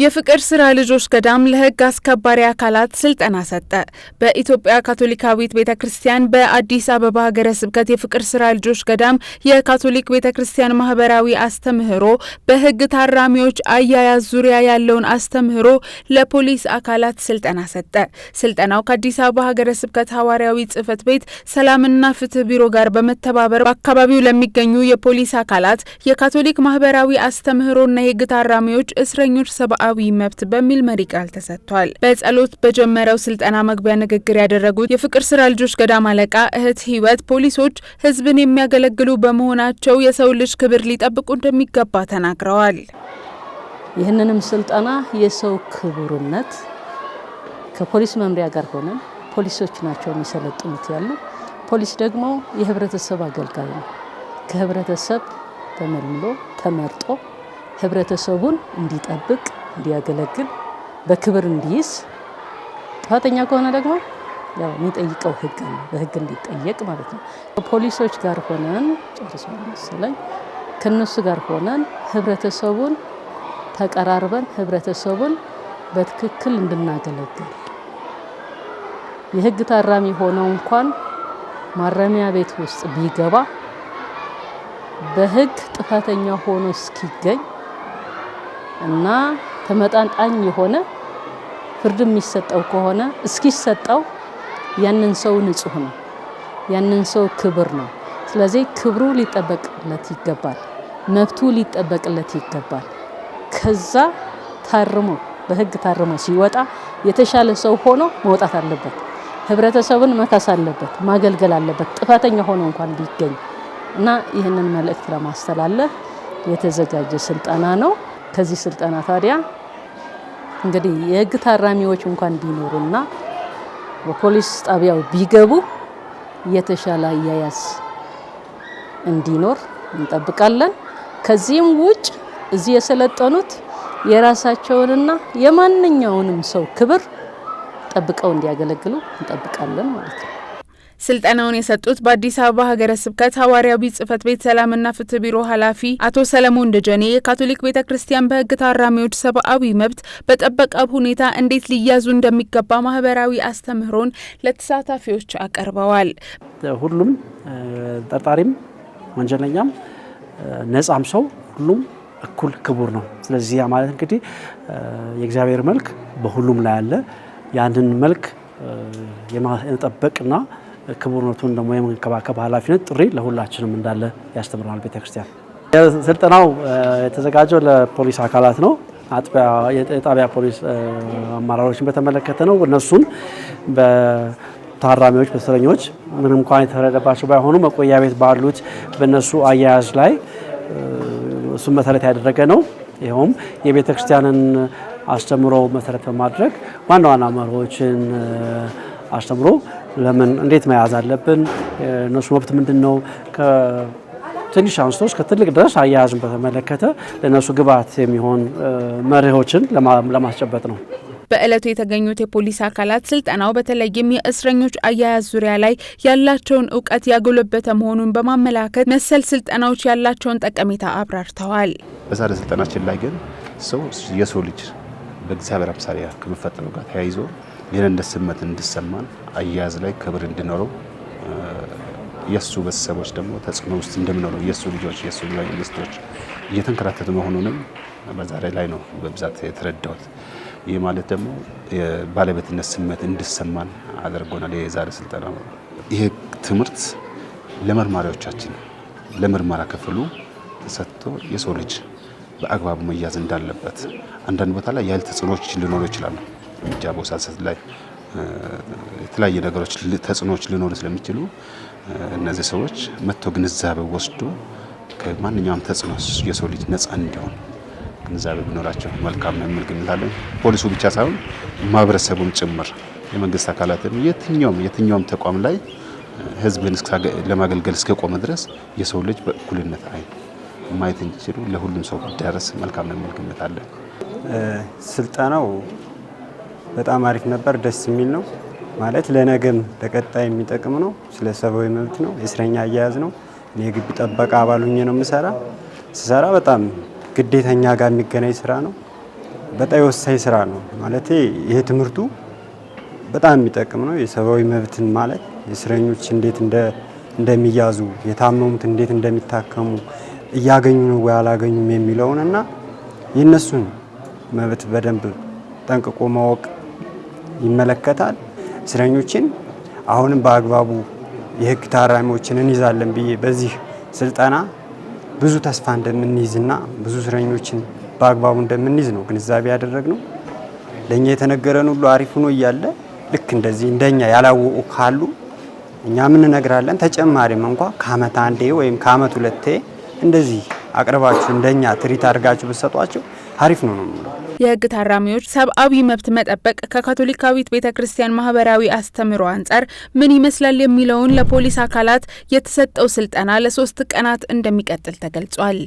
የፍቅር ስራ ልጆች ገዳም ለህግ አስከባሪ አካላት ስልጠና ሰጠ። በኢትዮጵያ ካቶሊካዊት ቤተ ክርስቲያን በአዲስ አበባ ሀገረ ስብከት የፍቅር ስራ ልጆች ገዳም የካቶሊክ ቤተ ክርስቲያን ማህበራዊ አስተምህሮ በህግ ታራሚዎች አያያዝ ዙሪያ ያለውን አስተምህሮ ለፖሊስ አካላት ስልጠና ሰጠ። ስልጠናው ከአዲስ አበባ ሀገረ ስብከት ሐዋርያዊ ጽህፈት ቤት ሰላምና ፍትህ ቢሮ ጋር በመተባበር በአካባቢው ለሚገኙ የፖሊስ አካላት የካቶሊክ ማህበራዊ አስተምህሮና የህግ ታራሚዎች፣ እስረኞች ሰብአ ሰብአዊ መብት በሚል መሪ ቃል ተሰጥቷል። በጸሎት በጀመረው ስልጠና መግቢያ ንግግር ያደረጉት የፍቅር ስራ ልጆች ገዳም አለቃ እህት ህይወት ፖሊሶች ህዝብን የሚያገለግሉ በመሆናቸው የሰው ልጅ ክብር ሊጠብቁ እንደሚገባ ተናግረዋል። ይህንንም ስልጠና የሰው ክቡርነት ከፖሊስ መምሪያ ጋር ሆነን ፖሊሶች ናቸው የሚሰለጥኑት ያሉ ፖሊስ ደግሞ የህብረተሰብ አገልጋይ ነው። ከህብረተሰብ ተመልምሎ ተመርጦ ህብረተሰቡን እንዲጠብቅ እንዲያገለግል በክብር እንዲይዝ ጥፋተኛ ከሆነ ደግሞ ያው የሚጠይቀው ህግ ነው፣ በህግ እንዲጠየቅ ማለት ነው። ከፖሊሶች ጋር ሆነን ጨርሶ መሰለኝ። ከነሱ ጋር ሆነን ህብረተሰቡን ተቀራርበን ህብረተሰቡን በትክክል እንድናገለግል የህግ ታራሚ ሆነው እንኳን ማረሚያ ቤት ውስጥ ቢገባ በህግ ጥፋተኛ ሆኖ እስኪገኝ እና ተመጣጣኝ የሆነ ፍርድ የሚሰጠው ከሆነ እስኪሰጠው ያንን ሰው ንጹህ ነው፣ ያንን ሰው ክብር ነው። ስለዚህ ክብሩ ሊጠበቅለት ይገባል፣ መብቱ ሊጠበቅለት ይገባል። ከዛ ታርሞ በህግ ታርሞ ሲወጣ የተሻለ ሰው ሆኖ መውጣት አለበት። ህብረተሰቡን መካስ አለበት፣ ማገልገል አለበት፣ ጥፋተኛ ሆኖ እንኳን ቢገኝ እና ይህንን መልእክት ለማስተላለፍ የተዘጋጀ ስልጠና ነው። ከዚህ ስልጠና ታዲያ እንግዲህ የህግ ታራሚዎች እንኳን ቢኖሩና በፖሊስ ጣቢያው ቢገቡ የተሻለ አያያዝ እንዲኖር እንጠብቃለን። ከዚህም ውጭ እዚህ የሰለጠኑት የራሳቸውንና የማንኛውንም ሰው ክብር ጠብቀው እንዲያገለግሉ እንጠብቃለን ማለት ነው። ስልጠናውን የሰጡት በአዲስ አበባ ሀገረ ስብከት ሐዋርያዊ ጽሕፈት ቤት ሰላምና ፍትህ ቢሮ ኃላፊ አቶ ሰለሞን ደጀኔ የካቶሊክ ቤተ ክርስቲያን በሕግ ታራሚዎች ሰብአዊ መብት በጠበቀ ሁኔታ እንዴት ሊያዙ እንደሚገባ ማህበራዊ አስተምህሮን ለተሳታፊዎች አቀርበዋል። ሁሉም ጠርጣሪም ወንጀለኛም ነጻም ሰው ሁሉም እኩል ክቡር ነው። ስለዚህ ያ ማለት እንግዲህ የእግዚአብሔር መልክ በሁሉም ላይ አለ። ያንን መልክ የመጠበቅና ክቡርነቱን ደግሞ የመንከባከብ ኃላፊነት ጥሪ ለሁላችንም እንዳለ ያስተምረናል ቤተክርስቲያን። ስልጠናው የተዘጋጀው ለፖሊስ አካላት ነው። የጣቢያ ፖሊስ አመራሮችን በተመለከተ ነው። እነሱን በታራሚዎች በእስረኞች ምንም እንኳን የተረደባቸው ባይሆኑ መቆያ ቤት ባሉት በእነሱ አያያዝ ላይ እሱን መሰረት ያደረገ ነው። ይኸውም የቤተ ክርስቲያንን አስተምሮ መሰረት በማድረግ ዋና ዋና መርሆችን አስተምሮ ለምን እንዴት መያዝ አለብን፣ እነሱ መብት ምንድን ነው፣ ትንሽ አንስቶ እስከ ትልቅ ድረስ አያያዝን በተመለከተ ለእነሱ ግብዓት የሚሆን መርሆችን ለማስጨበጥ ነው። በዕለቱ የተገኙት የፖሊስ አካላት ስልጠናው በተለይም የእስረኞች አያያዝ ዙሪያ ላይ ያላቸውን እውቀት ያጎለበተ መሆኑን በማመላከት መሰል ስልጠናዎች ያላቸውን ጠቀሜታ አብራርተዋል። በዛሬ ስልጠናችን ላይ ግን ሰው የሰው ልጅ በእግዚአብሔር አምሳሪያ ከመፈጠሩ ጋር ተያይዞ ይህንን ስሜት እንዲሰማን አያያዝ ላይ ክብር እንዲኖረው የእሱ ቤተሰቦች ደግሞ ተጽዕኖ ውስጥ እንደምኖረው የእሱ ልጆች የእሱ ሚኒስትሮች እየተንከራተቱ መሆኑንም በዛሬ ላይ ነው በብዛት የተረዳሁት። ይህ ማለት ደግሞ የባለቤትነት ስሜት እንዲሰማን አድርጎናል። የዛሬ ስልጠና ይህ ትምህርት ለመርማሪዎቻችን ለምርመራ ክፍሉ ተሰጥቶ የሰው ልጅ በአግባቡ መያዝ እንዳለበት አንዳንድ ቦታ ላይ ያህል ተጽዕኖዎች ሊኖሩ ይችላሉ። እርምጃ በውሳሰት ላይ የተለያየ ነገሮች ተጽዕኖዎች ሊኖሩ ስለሚችሉ እነዚህ ሰዎች መጥቶ ግንዛቤ ወስዶ ከማንኛውም ተጽዕኖ የሰው ልጅ ነፃ እንዲሆን ግንዛቤ ቢኖራቸው መልካም ነው የሚል ፖሊሱ ብቻ ሳይሆን ማህበረሰቡም ጭምር የመንግስት አካላትም የትኛውም የትኛውም ተቋም ላይ ህዝብን ለማገልገል እስከቆመ ድረስ የሰው ልጅ በእኩልነት አይን ማየት እንዲችሉ ለሁሉም ሰው ዳረስ መልካም ነው የሚል ግምት አለን። ስልጠናው በጣም አሪፍ ነበር። ደስ የሚል ነው ማለት ለነገም ለቀጣይ የሚጠቅም ነው። ስለ ሰብአዊ መብት ነው፣ የእስረኛ አያያዝ ነው። እኔ የግቢ ጠበቃ አባል ሁኜ ነው የምሰራ። ስሰራ በጣም ግዴተኛ ጋር የሚገናኝ ስራ ነው። በጣም የወሳኝ ስራ ነው ማለት ይሄ ትምህርቱ በጣም የሚጠቅም ነው። የሰብአዊ መብትን ማለት የእስረኞች እንዴት እንደሚያዙ የታመሙት እንዴት እንደሚታከሙ እያገኙ ነው ወይ አላገኙም የሚለውን እና የእነሱን መብት በደንብ ጠንቅቆ ማወቅ ይመለከታል። እስረኞችን አሁንም በአግባቡ የህግ ታራሚዎችን እንይዛለን ብዬ በዚህ ስልጠና ብዙ ተስፋ እንደምንይዝና ብዙ እስረኞችን በአግባቡ እንደምንይዝ ነው ግንዛቤ ያደረግነው። ለእኛ የተነገረን ሁሉ አሪፍ ሆኖ እያለ ልክ እንደዚህ እንደኛ ያላወቁ ካሉ እኛ ምን እነግራለን። ተጨማሪም እንኳ ከአመት አንዴ ወይም ከአመት ሁለቴ እንደዚህ አቅርባችሁ እንደኛ ትሪት አድርጋችሁ ብትሰጧቸው አሪፍ ነው ነው የህግ ታራሚዎች ሰብአዊ መብት መጠበቅ ከካቶሊካዊት ቤተ ክርስቲያን ማህበራዊ አስተምሮ አንጻር ምን ይመስላል የሚለውን ለፖሊስ አካላት የተሰጠው ስልጠና ለሶስት ቀናት እንደሚቀጥል ተገልጿል።